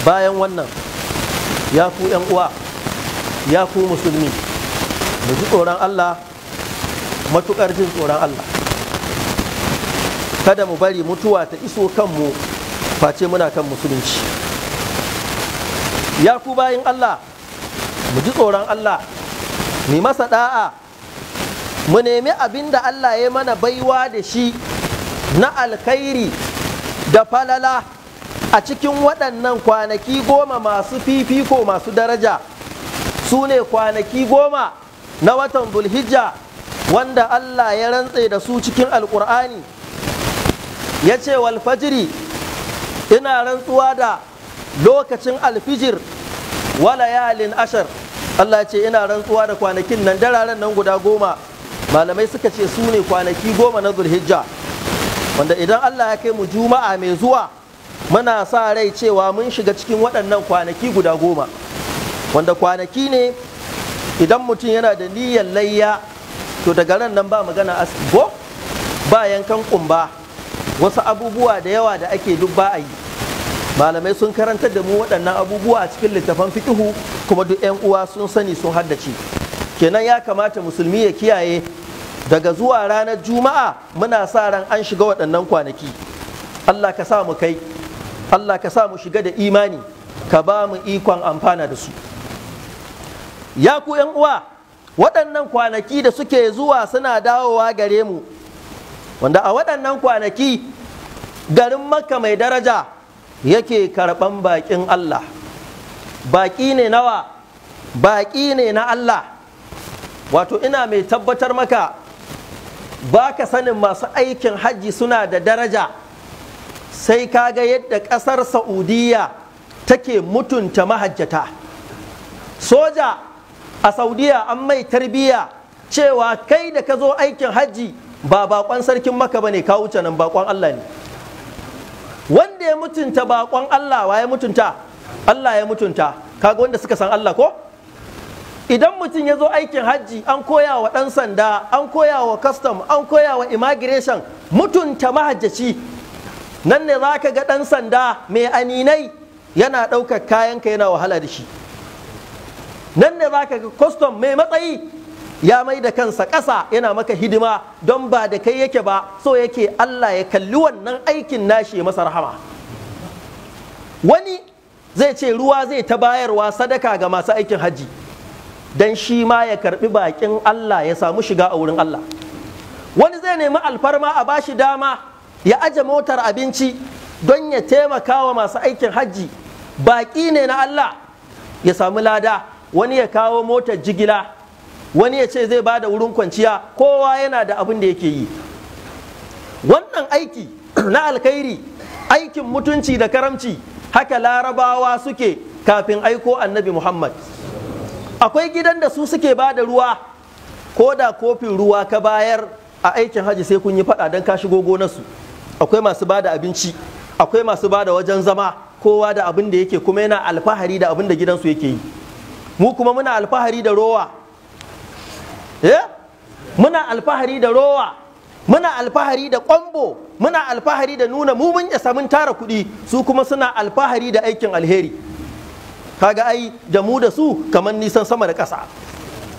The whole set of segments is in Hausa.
bayan wannan ya ku yan uwa ya ku musulmi mu ji tsoron Allah matukar jin tsoron Allah kada mu bari mutuwa ta iso kanmu face muna kan musulunci ya ku bayin Allah mu ji tsoron Allah mu masa da'a mu nemi abin da Allah ya mana baiwa da shi na alkhairi da falala a cikin waɗannan kwanaki goma masu fifiko masu daraja su ne kwanaki goma na watan zulhijja wanda Allah ya rantse da su cikin alkur'ani ya ce walfajiri ina rantsuwa da lokacin alfijir walayalin ashar Allah ce ina rantsuwa da kwanakin nan dararen nan guda goma malamai suka ce su ne kwanaki goma na zulhijja wanda idan Allah ya kai mu juma'a mai zuwa muna sa rai cewa mun shiga cikin waɗannan kwanaki guda goma wanda kwanaki ne idan mutum yana da niyyar layya to daga ran nan ba magana go ba yankan kumba wasu abubuwa da yawa da ake duk ba a yi malamai sun karantar da mu waɗannan abubuwa a cikin littafan fikihu kuma duk 'yan uwa sun sani sun haddace kenan ya kamata musulmi ya kiyaye daga zuwa ranar juma'a muna sa ran an shiga waɗannan kwanaki Allah ka sa mu kai Allah ka sa mu shiga da imani ka ba mu ikon amfana da su ya ku uwa waɗannan kwanaki da suke zuwa suna dawowa gare mu wanda a waɗannan kwanaki garin maka mai daraja yake karɓan baƙin Allah baƙi ne nawa baƙi ne na Allah wato ina mai tabbatar maka ba ka sanin masu aikin hajji suna da daraja sai kaga yadda ƙasar saudiya take mutunta mahajjata soja a saudiya an mai tarbiyya cewa kai da ka zo aikin hajji ba bakon sarkin maka ba ne ka wuce nan bakon allah ne wanda ya mutunta bakon allah wa ya mutunta allah ya mutunta kaga wanda suka san allah ko idan mutum ya zo aikin hajji an koya wa ɗan sanda an koya wa custom an koya wa immigration mutunta mahajjaci nan ne za ka ga ɗan sanda mai aninai yana ɗaukar kayanka yana wahala da shi nan ne za ka ga kwastom mai matsayi ya mai da kansa ƙasa yana maka hidima don ba da kai yake ba so yake Allah ya kalli wannan aikin nashi masa rahama wani zai ce ruwa zai ta bayarwa sadaka ga masu aikin hajji don shi ma ya karbi bakin Allah ya samu shiga a wurin Allah wani zai nemi alfarma a bashi dama ya aje motar abinci don ya taimaka wa masu aikin hajji baƙi ne na Allah ya samu lada wani ya kawo motar jigila wani ya ce zai bada wurin kwanciya kowa yana da abin da yake yi wannan aiki na alkhairi aikin mutunci da karamci haka larabawa suke kafin aiko annabi muhammad akwai gidan da su suke bada ruwa ko da kofin ruwa ka bayar a aikin hajji sai kun yi faɗa don ka shigo gonarsu akwai masu ba da abinci akwai masu ba da wajen zama kowa da abin da yake kuma yana alfahari da abin da gidansu yake yi mu kuma muna alfahari da rowa eh? muna alfahari da rowa muna alfahari da kwambo muna alfahari da nuna mu mun isa mun tara kuɗi su kuma suna alfahari da aikin alheri kaga ai da mu da su kamar nisan sama da ƙasa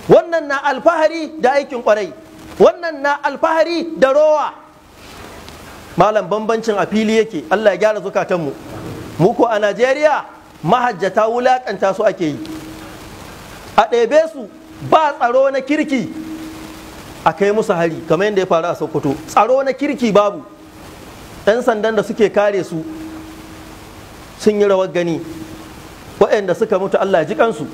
wannan na alfahari da aikin kwarai wannan na alfahari da rowa malam bambancin a fili yake Allah ya gyara zukatanmu mu ko a Najeriya mahajjata wulaƙanta su ake yi a ɗebe su ba tsaro na kirki a kai musu hari kamar yadda ya faru a Sokoto tsaro na kirki babu ɗan sandan da suke kare su sun yi rawar gani waɗanda suka mutu Allah ji kansu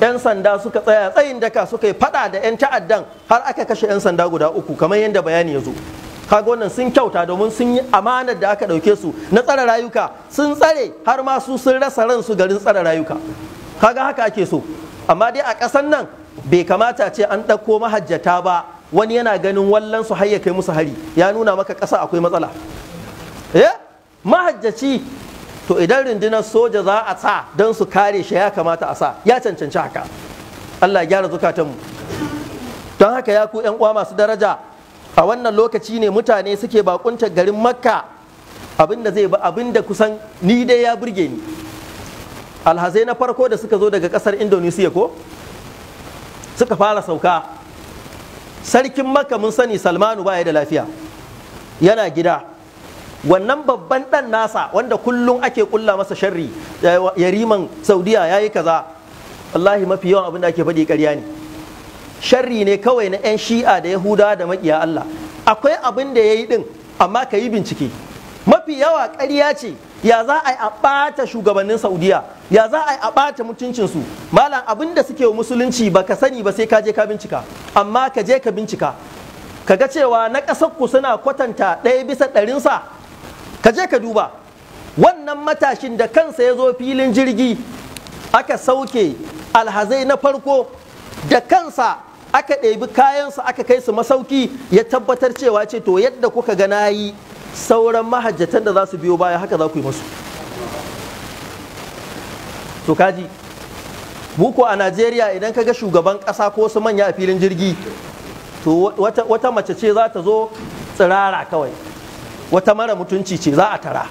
'yan sanda suka tsaya tsayin daka suka yi fada da 'yan ta'addan har aka kashe 'yan sanda guda uku kamar yadda bayani ya zo kaga wannan sun kyauta domin sun yi amanar da aka ɗauke su na tsare rayuka sun tsare har ma su sun rasa ransu garin tsare rayuka kaga haka ake so amma dai a ƙasan nan bai kamata ce an ɗauko mahajjata ba wani yana ganin wallan su har kai musu hari ya nuna maka ƙasa akwai matsala eh mahajjaci to idan rundunar soja za a sa don su kare shi ya kamata a sa ya cancanci haka Allah ya gyara zukatanmu don haka ya ku 'yan uwa masu daraja a wannan lokaci ne mutane suke bakunta garin makka abinda zai abinda kusan ni dai ya burge ni alhazai na farko da suka zo daga kasar indonesia ko suka fara sauka sarkin makka mun sani salmanu baya da lafiya yana gida wannan babban dan nasa wanda kullum ake kulla masa sharri eh, yariman saudiya ya yi kaza wallahi mafi yawan abin da ake faɗi ƙarya ne sharri ne kawai na 'yan shi'a da Yahuda da makiya Allah akwai abin da ya yi ɗin amma ka yi bincike mafi yawa ƙarya ce ya za a yi a ɓata shugabannin saudiya ya za a yi a ɓata mutuncinsu malam abin da suke musulunci ba ka sani ba sai ka je ka bincika amma ka je ka bincika ka ga cewa na ƙasar ku suna kwatanta ɗaya bisa ɗarinsa ka je ka duba wannan matashin da kansa ya zo filin jirgi aka sauke alhazai na farko da kansa aka ɗebi kayansu aka kai su masauki ya tabbatar cewa ce to yadda kuka ga na yi sauran mahajjatan da za su biyo baya haka za ku yi masu to kaji buko a najeriya idan ka ga shugaban ƙasa ko su manya a filin jirgi to wata mace ce za ta zo tsirara kawai wata mara mutunci ce za a tara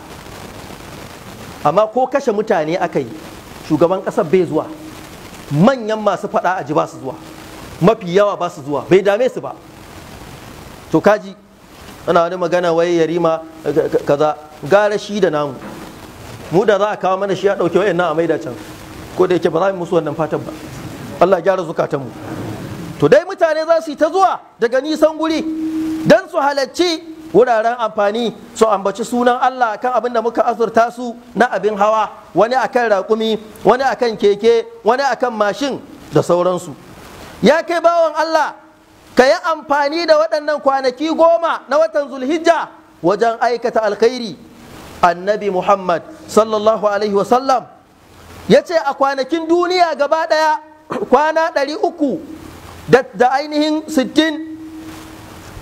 amma ko kashe mutane aka yi shugaban ƙasar bai zuwa manyan masu faɗa a ji ba su zuwa mafi yawa ba su zuwa bai dame su ba to kaji ana wani magana wai yarima eh, kaza gara shi da namu mu da za a kawo mana shi ya ɗauke wayan na a maida can ko da yake ba za mu musu wannan fatan ba Allah gyara zukatan mu. to dai mutane za su yi ta zuwa daga nisan guri dan su halarci wuraren amfani su ambaci sunan Allah akan abin da muka azurta su na abin hawa wani akan raƙumi wani akan keke wani akan mashin da sauransu ya kai bawan Allah ka yi amfani da waɗannan kwanaki goma na watan zulhijja wajen aikata alkhairi annabi muhammad sallallahu alaihi wasallam ya ce a kwanakin duniya gaba ɗaya kwana ɗari uku da ainihin sittin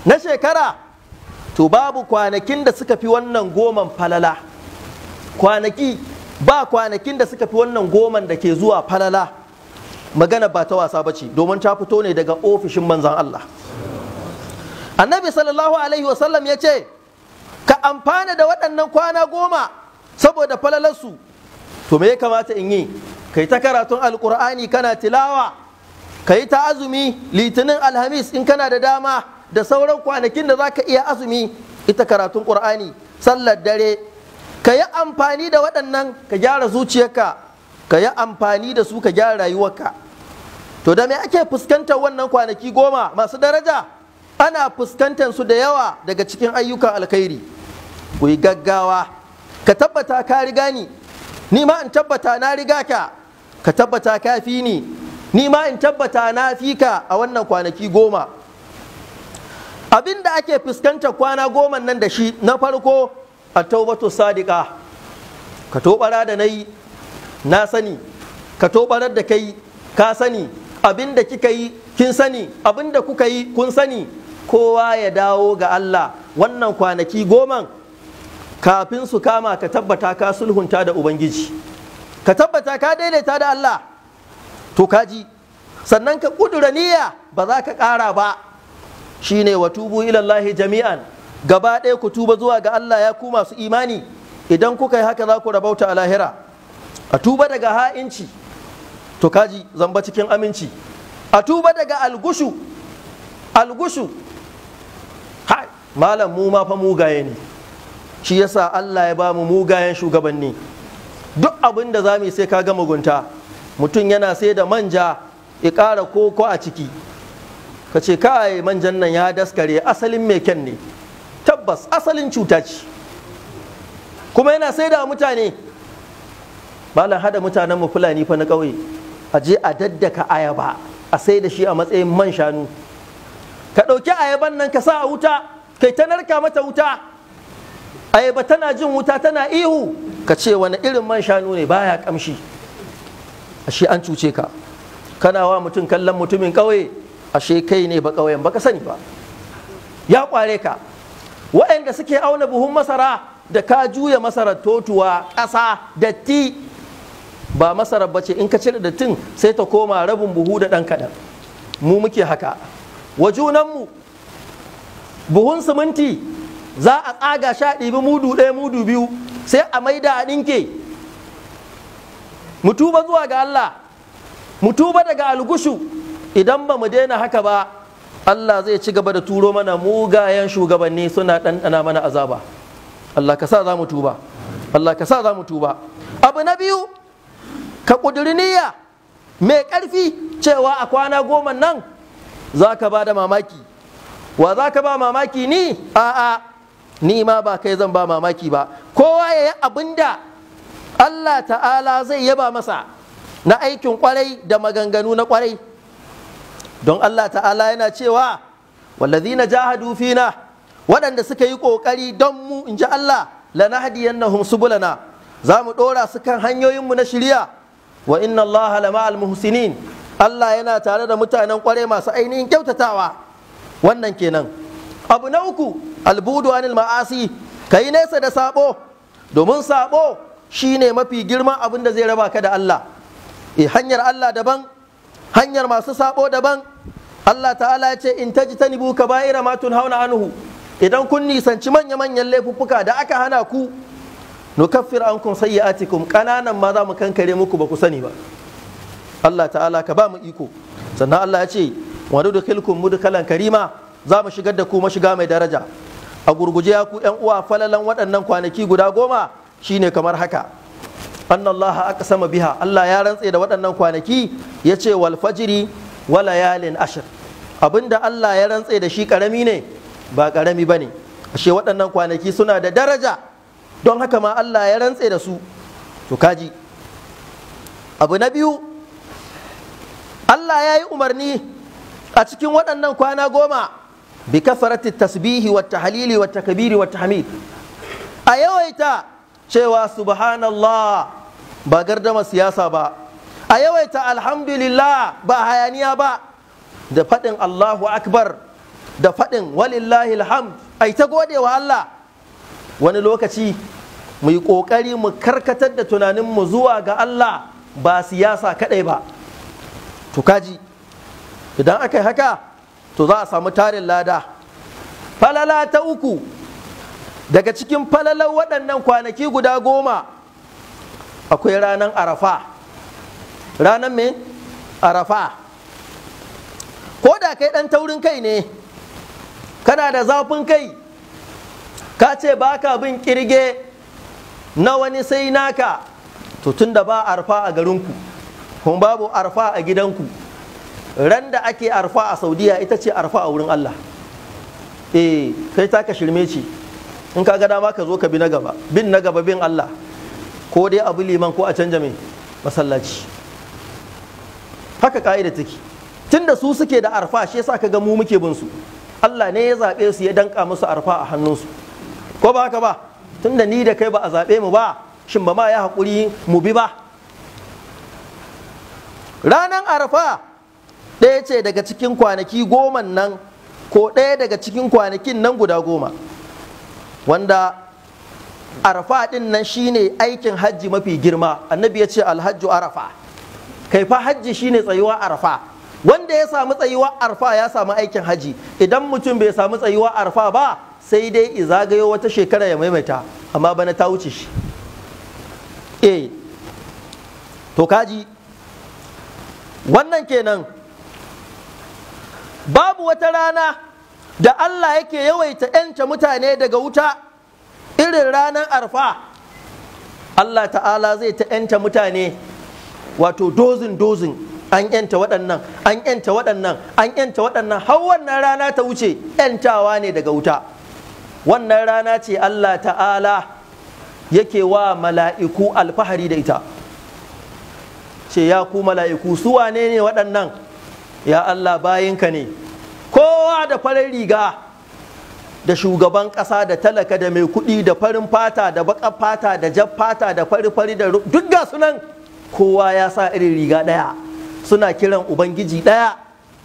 na shekara to babu kwanakin da suka fi wannan goman falala kwanaki ba kwanakin da suka fi wannan goman da ke zuwa falala magana ba ta wasa ba ce domin ta fito ne daga ofishin manzan Allah annabi sallallahu alaihi wasallam ya ce ka amfana da waɗannan kwana goma saboda falalarsu to me ya kamata in yi kai ta karatun alkur'ani kana tilawa yi ta azumi litinin alhamis in kana da dama da sauran kwanakin da za ka iya azumi ita karatun Ƙur'ani. sallar dare ka yi amfani da waɗannan ka gyara zuciyarka ka yi amfani da su ka gyara rayuwarka to da me ake fuskantar wannan kwanaki goma masu daraja ana fuskantar su da yawa daga cikin ayyukan alkhairi ku yi gaggawa ka tabbata ka riga ni ni ma in tabbata na riga ka ka tabbata ka fi ni ni ma in tabbata na fi ka a wannan kwanaki goma abin da ake fuskantar kwana goma nan da shi na farko a taubatu sadiqa ka tobara da na yi na sani ka tobarar da kai ka sani abin da kika yi kin sani abin da kuka yi kun sani kowa ya dawo ga Allah wannan kwanaki goman kafin su kama ka tabbata ka sulhunta da Ubangiji ka tabbata ka daidaita da Allah to kaji sannan ka kudura niyya ba za ka ƙara ba Shi ne wa tubu ilallahi jami'an gaba ɗaya ku tuba zuwa ga Allah ya ku masu imani idan kuka yi haka za ku rabauta a lahira a tuba daga ha'inci to kaji zamba cikin aminci a tuba daga algushu algushu hai malam mu ma fa mugaye ne shi yasa Allah ya ba mu mugayen shugabanni duk abin da za mu sai ka ga mugunta mutum yana sai da manja ya ƙara koko a ciki ka ce kai manjan nan ya daskare asalin mai kyan ne tabbas asalin cuta ce kuma yana sai da mutane bala hada mutanenmu mu fulani fa na ƙauye Aje a daddaka ayaba a sai da shi a matsayin man shanu ka ɗauki ayaban nan ka sa a wuta kai ta narka mata wuta ayaba tana jin wuta tana ihu ka ce wani irin man shanu ne baya kamshi ashe an cuce ka kana wa mutum kallon mutumin ƙauye ashe kai ne ba ƙauyen ka sani ba ya ƙware ka waɗanda suke auna buhun masara da ka juya masarar totuwa ƙasa datti ba masarar ce in ka cire dattin sai ta koma rabin buhu da ɗan kaɗan mu muke haka wa junanmu buhun siminti za a tsaga sha ɗibi mudu ɗaya mudu biyu sai a maida a ɗinke mu tuba zuwa ga Allah mu tuba daga algushu idan ba mu daina haka ba Allah zai ci gaba da turo mana mugayen shugabanni suna ɗanɗana mana azaba Allah ka sa za mu tuba Allah ka sa za mu tuba abu na biyu ka ƙudiri niyya mai ƙarfi cewa a kwana goma nan za ka ba da mamaki wa za ka ba mamaki ni a'a ni ma ba kai zan ba mamaki ba kowa ya yi abin da Allah ta'ala zai yaba masa na aikin kwarai da maganganu na kwarai don Allah ta'ala yana cewa na ja fina waɗanda suka yi ƙoƙari don mu in ji Allah lanahdiyannahum na za mu ɗora su kan hanyoyinmu na shirya wa inna Allah lama muhsinin Allah yana tare da mutanen kware masu ainihin kyautatawa wannan kenan abu na uku albudu anil ma'asi ka yi nesa da sabo domin sabo shine mafi girman abin da zai raba ka da Allah e hanyar Allah daban hanyar masu sabo daban Allah ta'ala ya ce in ta tajtanibu kaba'ira matun hauna anuhu. idan kun nisanci manya-manyan laifuffuka da aka hana ku nukaffir ankum sayyi'atikum kananan ma za mu kankare muku ba ku sani ba Allah ta'ala ka ba mu iko sannan Allah ya ce wani wa nudkhilkum mudkhalan karima za mu shigar da ku mashiga mai daraja a gurguje ya ku yan uwa falalan waɗannan kwanaki guda goma shine kamar haka annallaha sama biha Allah ya rantse da waɗannan kwanaki ya ce wal fajri wa layalin ashr abinda Allah ya rantse da shi karami ne ba karami bane ashe waɗannan kwanaki suna da daraja don haka ma Allah ya rantse da su to kaji abu na biyu Allah ya yi umarni a cikin waɗannan kwana goma bi kafarati tasbihi wa tahlili wa takbiri wa tahmid a yawaita cewa subhanallah ba gardama siyasa ba a yawaita alhamdulillah ba hayaniya ba da faɗin Allahu akbar da faɗin walillahi alhamd ai ta gode wa Allah wani lokaci mu yi ƙoƙari mu karkatar da tunaninmu zuwa ga Allah ba siyasa kaɗai ba to kaji idan aka yi haka to za a samu tarin lada falala ta uku daga cikin falalar waɗannan kwanaki guda goma akwai ranar arafa ranar me arafa ko da kai ɗan taurin kai ne kana da zafin kai ka ce ba ka bin kirge na wani sai naka to tun da ba arfa a garinku kuma babu arfa a gidanku ran da ake arfa a saudiya ita ce arfa a wurin allah eh kai ta ka shirme ce in ka ga dama ka zo ka bi na gaba bin na gaba bin allah ko dai abu liman ko a canja mai masallaci haka ka'ida take da su suke da arfa shi yasa ka ga mu muke bin su Allah ne ya zaɓe su ya danka musu arfa a hannunsu ko ba haka ba tunda ni da kai ba a zaɓe mu ba shin ba ma ya haƙuri mu bi ba ranar arafa ɗaya ce daga cikin kwanaki goma nan ko ɗaya daga cikin kwanakin nan guda goma wanda arafa ɗin nan shine aikin hajji mafi girma annabi ya ce alhajju arafa kai fa hajji shine tsayuwa arafa wanda ya samu tsayuwa arafa ya samu aikin hajji idan mutum bai samu tsayuwa arafa ba sai dai izagayo wata shekara ya maimaita amma bana ta wuce shi eh to kaji wannan kenan babu wata rana da Allah yake yawaita ‘yanta mutane daga wuta irin ranar arfa Allah ta'ala zai ta ‘yanta mutane wato dozin dozin an ‘yanta waɗannan an ‘yanta waɗannan an ‘yanta waɗannan har wannan rana ta wuce ‘yantawa ne daga wuta wannan rana ce Allah ta'ala yake wa mala'iku alfahari da ita ce ya ku mala'iku su wane ne waɗannan ya Allah bayinka ne kowa da farin riga da shugaban ƙasa da talaka da mai kuɗi da farin fata da baƙar fata da jafata, fata da fari-fari da duk ga sunan kowa ya sa irin riga ɗaya suna kiran ubangiji ɗaya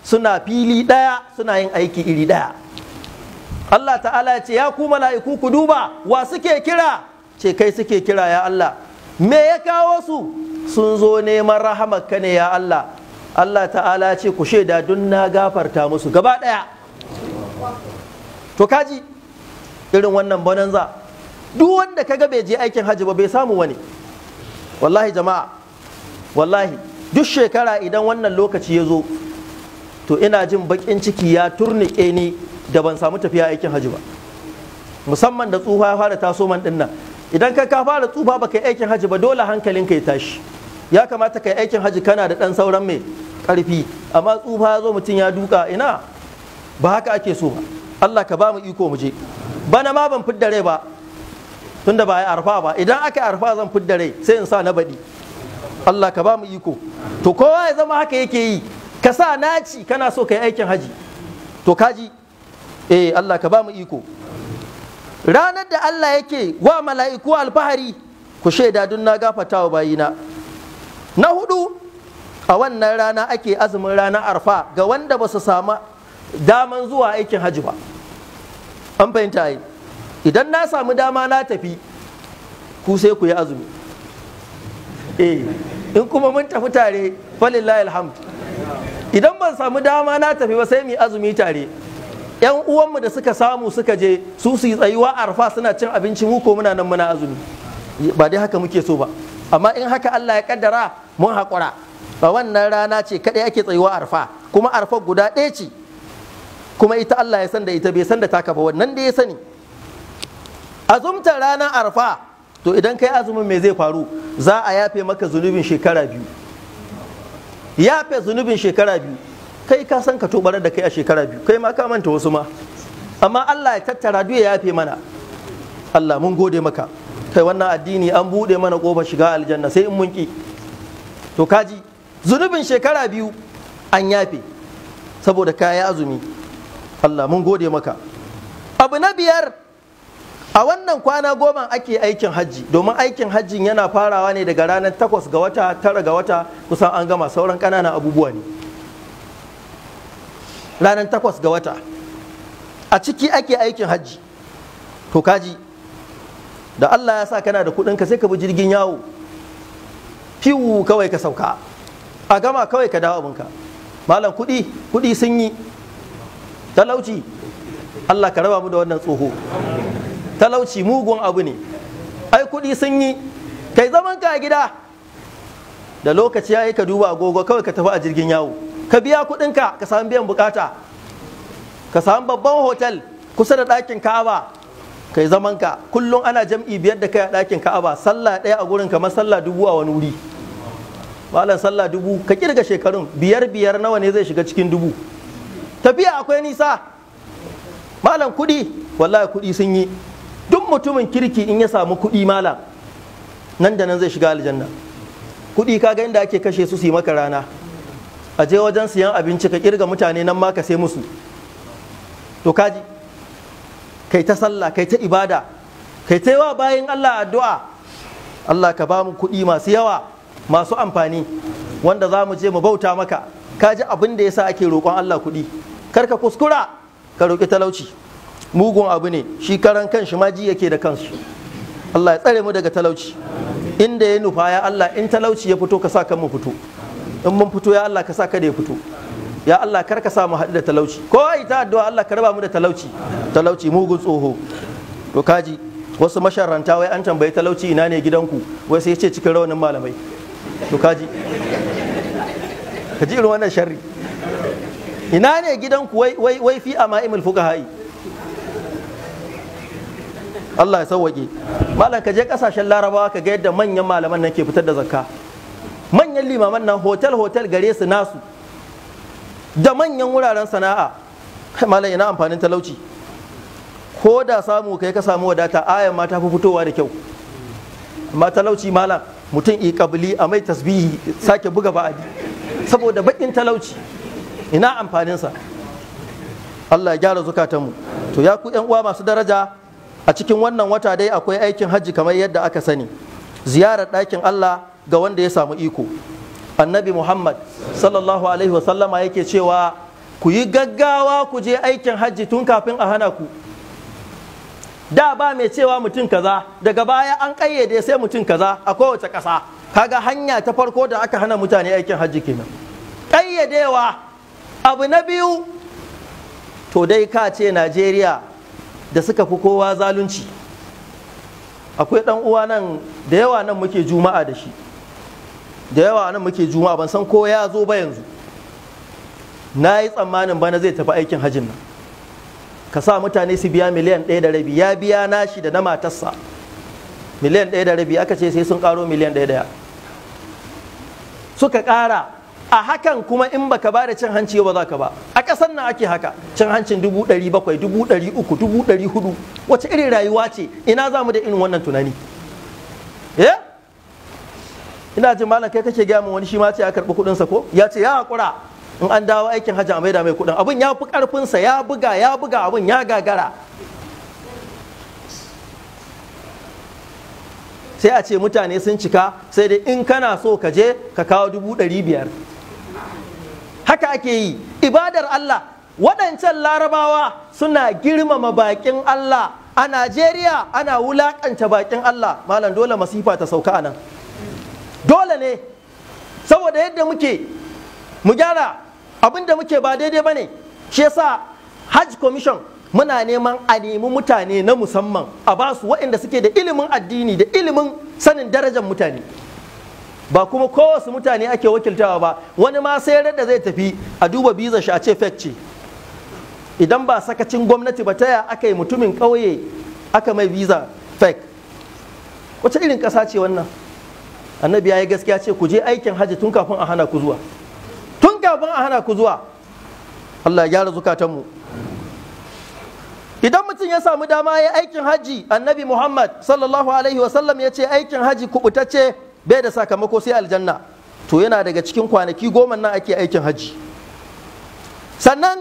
suna fili ɗaya suna yin aiki iri ɗaya Allah ta'ala ya ce ya ku mala'iku ku duba wa suke kira ce kai suke kira ya Allah me ya kawo su sun zo neman ka ne ya Allah Allah ta'ala ya ce ku shaida dun na gafarta musu gaba ɗaya to kaji irin wannan bananza duk wanda kaga bai je aikin hajji ba bai samu wani wallahi jama'a wallahi duk shekara idan wannan lokaci ya zo to ina jin baƙin ciki ya turnike ni da ban samu tafiya aikin hajji ba musamman da tsufa ya fara taso man dinnan idan ka ka fara tsufa baka yi aikin hajji ba dole hankalin ka ya tashi ya kamata ka yi aikin hajji kana da dan sauran mai karfi amma tsufa ya zo mutum ya duka ina ba haka ake so ba Allah ka ba mu iko mu je bana ma ban fidda rai ba tunda ba ya arfa ba idan aka yi arfa zan fidda rai sai in sa na baɗi Allah ka ba mu iko to kowa ya zama haka yake yi ka sa naci kana so ka aikin haji to kaji eh Allah ka ba mu iko ranar da Allah yake wa mala'iku alfahari ku shaida dun na gafata wa bayina na hudu a wannan rana ake azumin rana arfa ga wanda ba su samu daman zuwa aikin hajji ba an fahimta yi idan na samu dama na tafi ku sai ku yi azumi eh in kuma mun tafi tare falillahi alhamd idan ban samu dama na tafi ba sai mu yi azumi tare yan uwanmu da suka samu suka je su su yi tsayuwa arfa suna cin abinci mu ko muna nan muna azumi ba dai haka muke so ba amma in haka Allah ya kaddara mun haƙura ba wannan rana ce kadai ake tsayuwa arfa kuma arfa guda ɗaya ce kuma ita Allah ya san da ita bai san da taka ba wannan da ya sani azumta ranar arfa to idan kai azumin me zai faru za a yafe maka zunubin shekara biyu yafe zunubin shekara biyu kai ka san ka tobarar da kai a shekara biyu kai ma ka manta wasu ma amma Allah ya tattara duk ya yafe mana Allah mun gode maka kai wannan addini an buɗe mana ƙofar shiga aljanna sai in mun ki to kaji zunubin shekara biyu an yafe saboda kaya azumi Allah mun gode maka abu na biyar a wannan kwana goma ake aikin hajji domin aikin hajjin yana farawa ne daga ranar takwas ga wata tara ga wata kusan an gama sauran ƙananan abubuwa ne ranar takwas ga wata a ciki ake aikin hajji to kaji da Allah ya sa kana da kuɗin ka sai ka bi jirgin yawo fiwu kawai ka sauka a gama kawai ka dawo abinka malam kuɗi kuɗi sun yi talauci Allah ka raba mu da wannan tsoho talauci mugun abu ne ai kuɗi sun yi kai zaman ka a gida da lokaci ya yi ka duba agogo kawai ka tafi a jirgin yawo ka biya kuɗinka ka samu biyan bukata ka samu babban hotel kusa da ɗakin ka'aba kai zaman ka kullum ana jam'i biyar da kai a ɗakin ka'aba sallah ɗaya a gurin kamar sallah dubu a wani wuri malam sallah dubu ka kirga shekarun biyar biyar nawa ne zai shiga cikin dubu tafiya akwai nisa malam kuɗi wallahi kuɗi sun yi duk mutumin kirki in ya samu kuɗi malam nan da nan zai shiga aljanna kuɗi kaga inda ake kashe su su yi maka rana a je wajen siyan abinci ka kirga mutane nan ma ka sai musu to kaji kai ta sallah kai ta ibada kai ta wa bayin Allah addu'a Allah ka ba mu kuɗi masu yawa masu amfani wanda za mu je mu bauta maka kaji abin da yasa ake roƙon Allah kuɗi kar ka kuskura ka roƙi talauci mugun abu ne shi karan kanshi ma ji yake da kansu Allah ya tsare mu daga talauci inda ya nufa ya Allah in talauci ya fito ka sa kan mu fito in mun fito ya Allah ka sa kada ya fito ya Allah kar ka sa mu haɗu da talauci ko ai ta addu'a Allah ka raba mu da talauci talauci mugun tsoho to kaji wasu masharanta wai an tambayi talauci ina ne gidanku wai sai ce cikin rawanin malamai to kaji ka ji irin wannan sharri ina ne gidanku wai wai wai fi ama'imul fuqaha'i Allah ya sauwaƙe malam ka je kasashen larabawa ka ga yadda manyan malaman nan ke fitar da zakka manyan limaman nan hotel hotel gare su nasu da manyan wuraren sana'a malam ina amfanin talauci ko da samu kai ka samu wadata ayan ma ta fi fitowa da kyau amma talauci malam mutum i kabili a mai tasbihi sake buga ba'adi saboda bakin talauci ina amfaninsa Allah ya gyara zukatanmu to ya ku yan uwa masu daraja a cikin wannan wata dai akwai aikin hajji kamar yadda aka sani ziyarar ɗakin Allah ga wanda ya samu iko annabi muhammad sallallahu alaihi wasallama yake cewa ku yi gaggawa ku je aikin hajji tun kafin a hana ku da ba mai cewa mutum kaza daga baya an kayyade sai mutum kaza a kowace ƙasa kaga hanya ta farko da aka hana mutane aikin hajji kenan ƙayyadewa abu na biyu to dai ka ce najeriya da suka fi kowa zalunci akwai ɗan uwa nan da yawa nan muke juma'a da shi da yawa nan muke juma'a ban san ko ya zo ba yanzu na yi tsammanin bana zai tafi aikin hajjin nan ka sa mutane su biya miliyan ɗaya da rabi ya biya nashi da na matarsa miliyan ɗaya da rabi aka ce sai sun ƙaro miliyan ɗaya ɗaya suka ƙara a hakan kuma in baka ba da cin hanci ba za ka ba a ƙasar nan ake haka cin hancin dubu ɗari bakwai dubu ɗari uku dubu ɗari hudu wace irin rayuwa ce ina za mu da irin wannan tunani eh ina jin malam kai kake gaya min wani shi ma ce ya karɓi kuɗin sa ko ya ce ya haƙura in an dawo aikin hajji a maida mai kuɗin abin ya fi ƙarfin sa ya buga ya buga abin ya gagara sai a ce mutane sun cika sai dai in kana so ka je ka kawo dubu ɗari biyar haka ake yi ibadar Allah waɗancan larabawa suna girmama baƙin Allah a Najeriya ana wulaƙanta baƙin Allah malam dole masifa ta sauka a nan dole ne saboda yadda muke mu gyara abin muke ba daidai ba ne shi yasa hajj commission muna neman a nemi mutane na musamman a ba su waɗanda suke da ilimin addini da ilimin sanin darajar mutane ba kuma kowace mutane ake wakiltawa ba wani ma sai da zai tafi a duba biza shi a ce idan ba sakacin gwamnati ba taya aka yi mutumin ƙauye aka mai biza fake. Wacce irin ƙasa ce wannan annabi ya yi gaskiya ce ku je aikin hajji tun kafin a hana ku zuwa tun kafin a hana ku zuwa Allah ya gyara zukatanmu idan mutum ya samu dama ya aikin hajji annabi muhammad sallallahu alaihi wasallam ya ce aikin hajji kubutacce bai da sakamako sai aljanna to yana daga cikin kwanaki goma nan ake aikin hajji sannan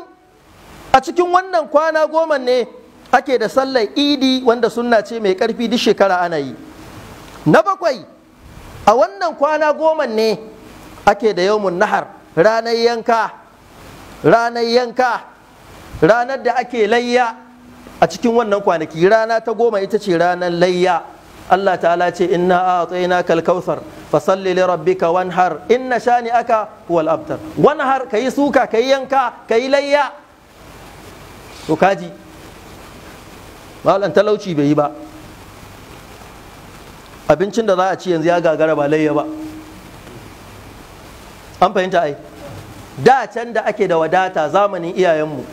a cikin wannan kwana goma ne ake da sallar idi wanda sunna ce mai karfi duk shekara ana yi na bakwai a wannan kwana goma ne ake da yawmun nahar ranar yanka ranar yanka ranar da ake layya a cikin wannan kwanaki rana ta goma ita ce ranar layya Allah ta'ala ce inna a'tayna kal kautsar fa salli li rabbika wanhar inna shani aka huwal abtar wanhar kayi suka kayi yanka kayi layya to kaji talauci bai yi ba abincin da za a ci yanzu ya gagara ba layya ba an fahimta ai da can da ake da wadata zamanin iyayenmu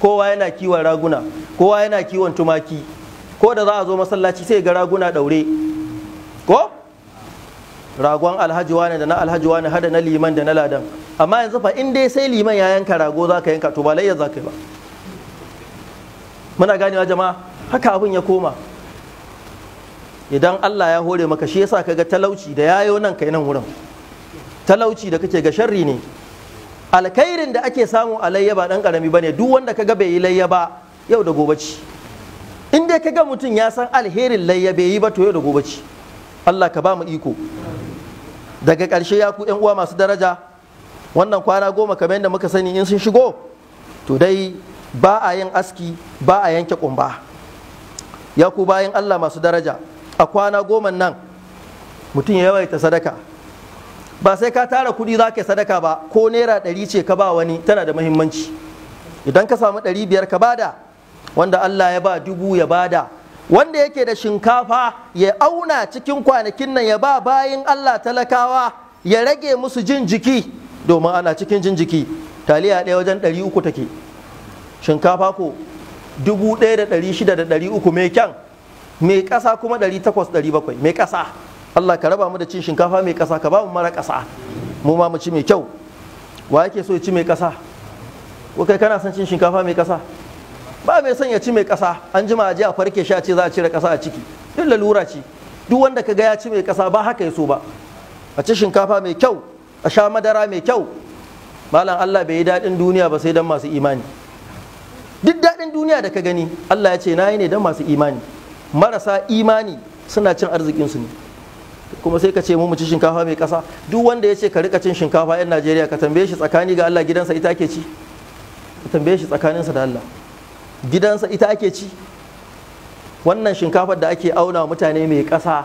kowa yana kiwon raguna kowa yana kiwon tumaki ko da za a zo masallaci sai ga raguna daure ko ragon alhaji wane da na alhaji wane hada na liman da na ladan amma yanzu fa in dai sai liman ya yanka rago za ka yanka to ba layya za ka yi ba muna ganewa jama'a haka abin ya koma idan Allah ya hore maka shi yasa kaga talauci da yayo nan kai nan wurin talauci da kake ga sharri ne alkhairin da ake samu a layya ba dan karami bane duk wanda kaga bai yi layya ba yau da gobe ci in dai kaga mutum ya san alherin layya bai yi ba to yau da gobe ci Allah ka ba mu iko daga ƙarshe ya ku yan uwa masu daraja wannan kwana goma kamar yadda muka sani in sun shigo to dai ba a yin aski ba a yanke kumba ya ku bayan Allah masu daraja a kwana goman nan mutum ya yawaita sadaka ba sai ka tara kuɗi za ka sadaka ba ko naira ɗari ce ka ba wani tana da muhimmanci idan ka samu ɗari biyar ka bada wanda Allah ya ba dubu ya bada wanda yake da shinkafa ya auna cikin kwanakin nan ya ba bayin Allah talakawa ya rage musu jin jiki domin ana cikin jin jiki taliya ɗaya wajen ɗari uku take shinkafa ko dubu ɗaya da ɗari shida da ɗari uku mai kyan mai ƙasa kuma 800-700 mai ƙasa Allah ka raba mu da cin shinkafa mai ƙasa ka ba mu mara ƙasa mu ma mu ci mai kyau wa yake so ya ci mai ƙasa ko kai kana son cin shinkafa mai ƙasa ba mai son ya ci mai ƙasa an jima a je a farke shi a ce za a cire ƙasa a ciki duk lalura ce duk wanda ka ga ya ci mai ƙasa ba haka ya so ba a ci shinkafa mai kyau a sha madara mai kyau malam Allah bai yi daɗin duniya ba sai dan masu imani duk daɗin duniya da ka gani Allah ya ce na yi ne dan masu imani marasa imani suna cin arzikinsu ne kuma sai ka ce mu ci shinkafa mai kasa duk wanda ya ce ka rika cin shinkafa yan najeriya ka tambaye shi tsakani ga allah gidansa ita ake ci ka tambaye shi tsakaninsa da allah gidansa ita ake ci wannan shinkafar da ake auna mutane mai kasa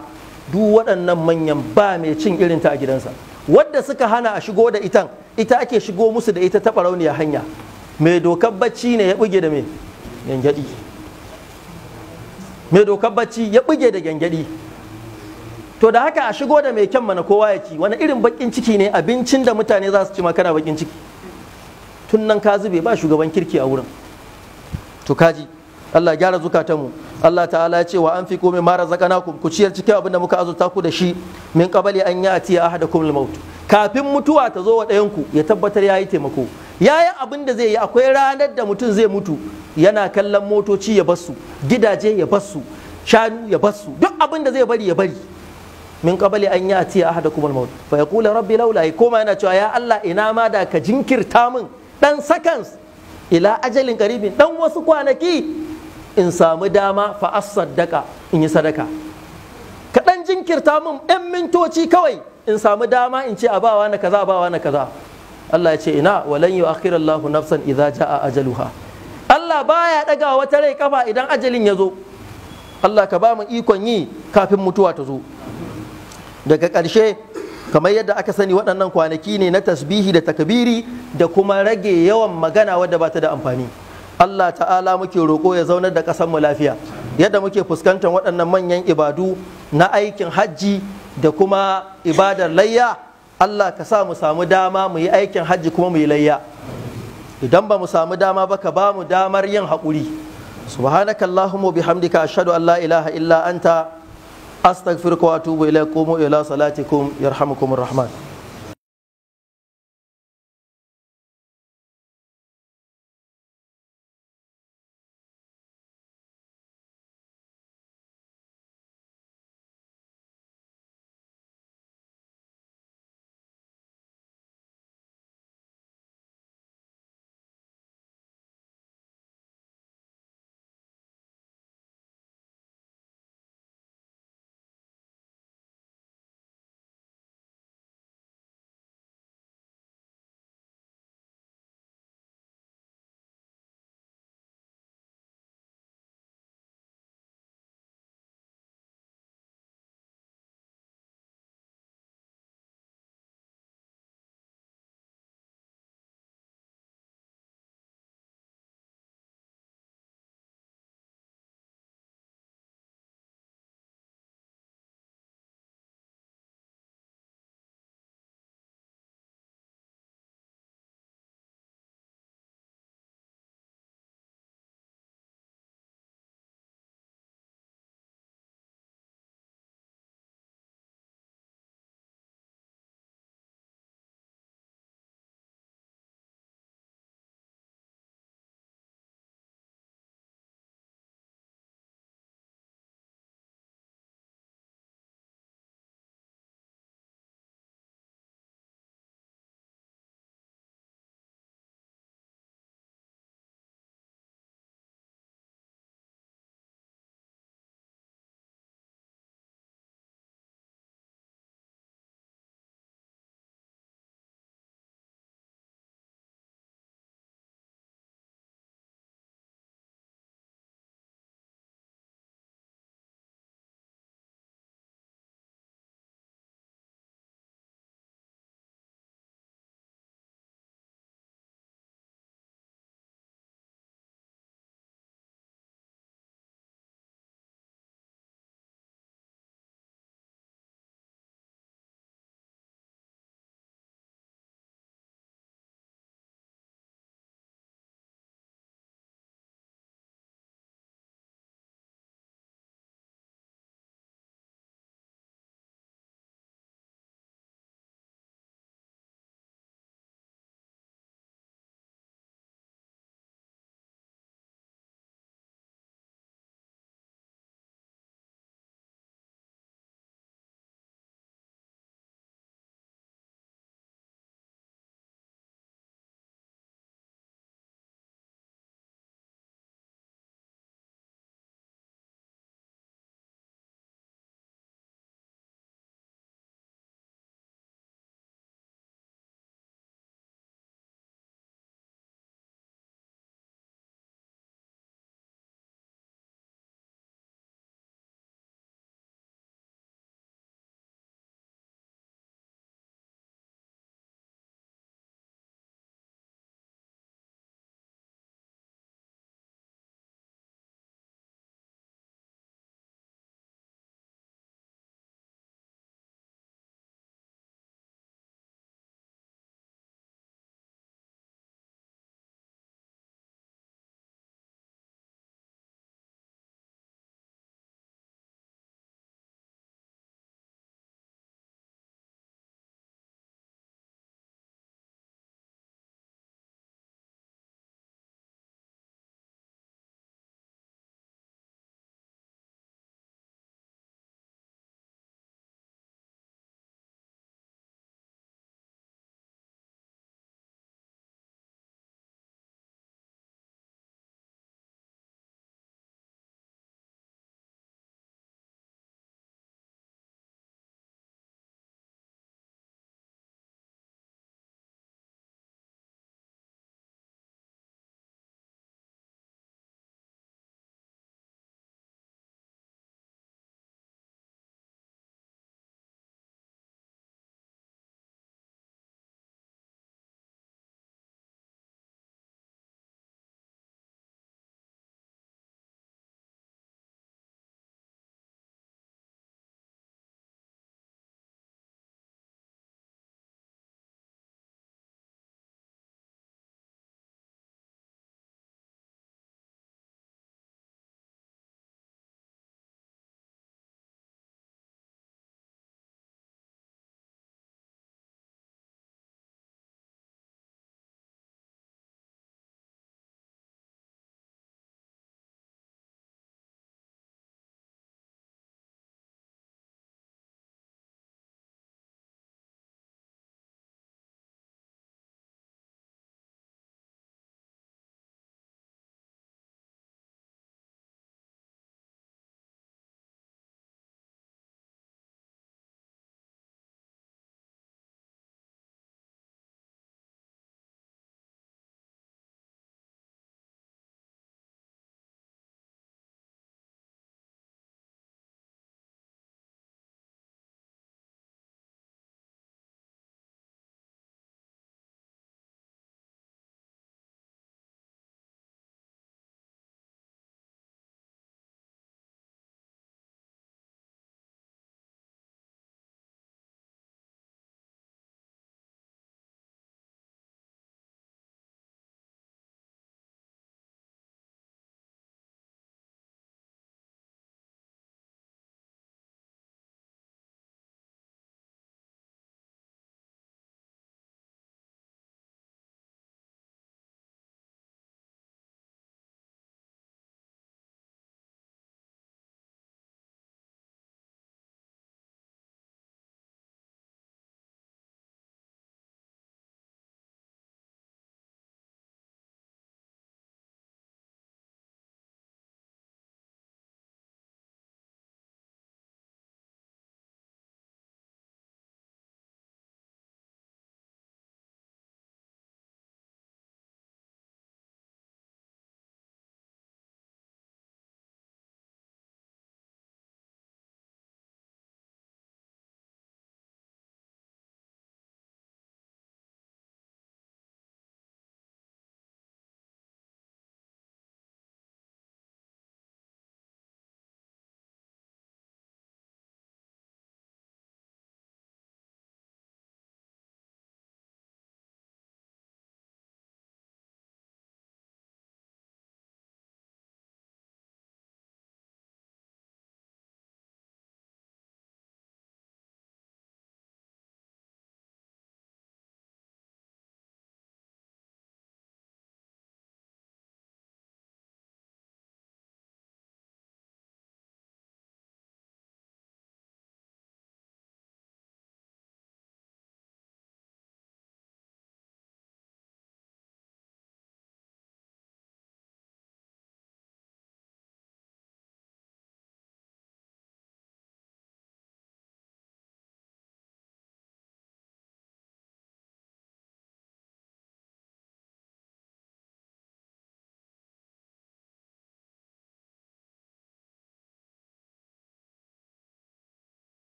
duk waɗannan manyan ba mai cin irin ta a gidansa wadda suka hana a shigo da itan ita ake shigo musu da ita ta barauniya hanya mai dokar bacci ne ya buge da mai gyangyaɗi mai dokar bacci ya buge da gyangyaɗi to da haka a shigo da mai kyan mana kowa ya ci wani irin bakin ciki ne abincin da mutane za su ci makana bakin ciki tun nan ka zube ba shugaban kirki a wurin to kaji Allah gyara mu Allah ta'ala ya ce wa an fi komai mara zakana ku ku ciyar cikin abin da muka azurta ku da shi min qabali an a atiya ahadakum al-maut kafin mutuwa ta zo wa ɗayan ku ya tabbatar yayi taimako yayi abin da zai yi akwai ranar da mutum zai mutu yana kallon motoci ya basu gidaje ya basu shanu ya basu duk abin da zai bari ya bari min qabali an ya atiya ahadakum al-maut fa yaqulu rabbi laula ya koma yana cewa ya Allah ina ma da ka jinkirta min dan seconds ila ajalin qaribin dan wasu kwanaki in samu dama fa asaddaka in yi sadaka ka dan jinkirta min ɗan mintoci kawai in samu dama in ce bawa na kaza bawa na kaza Allah ya ce ina walan yu'akhiru Allahu nafsan idza jaa ajaluha Allah baya daga wata rai kafa idan ajalin ya zo Allah ka ba mu ikon yi kafin mutuwa ta zo daga ƙarshe kamar yadda aka sani waɗannan kwanaki ne na tasbihi da takbiri da kuma rage yawan magana wadda ba ta da amfani Allah ta'ala muke roƙo ya zaunar da mu lafiya yadda muke fuskantar waɗannan manyan ibadu na aikin hajji da kuma ibadar layya Allah ka sa mu samu dama mu yi aikin hajji kuma mu yi layya idan ba mu samu dama ba ka ba mu damar yin haƙuri subhanaka allahumma bihamdika ashhadu an la ilaha illa anta astaghfiruka wa atubu ilayk qumu ila salatikum yarhamukumur rahman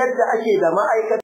yadda ake da ma'aikata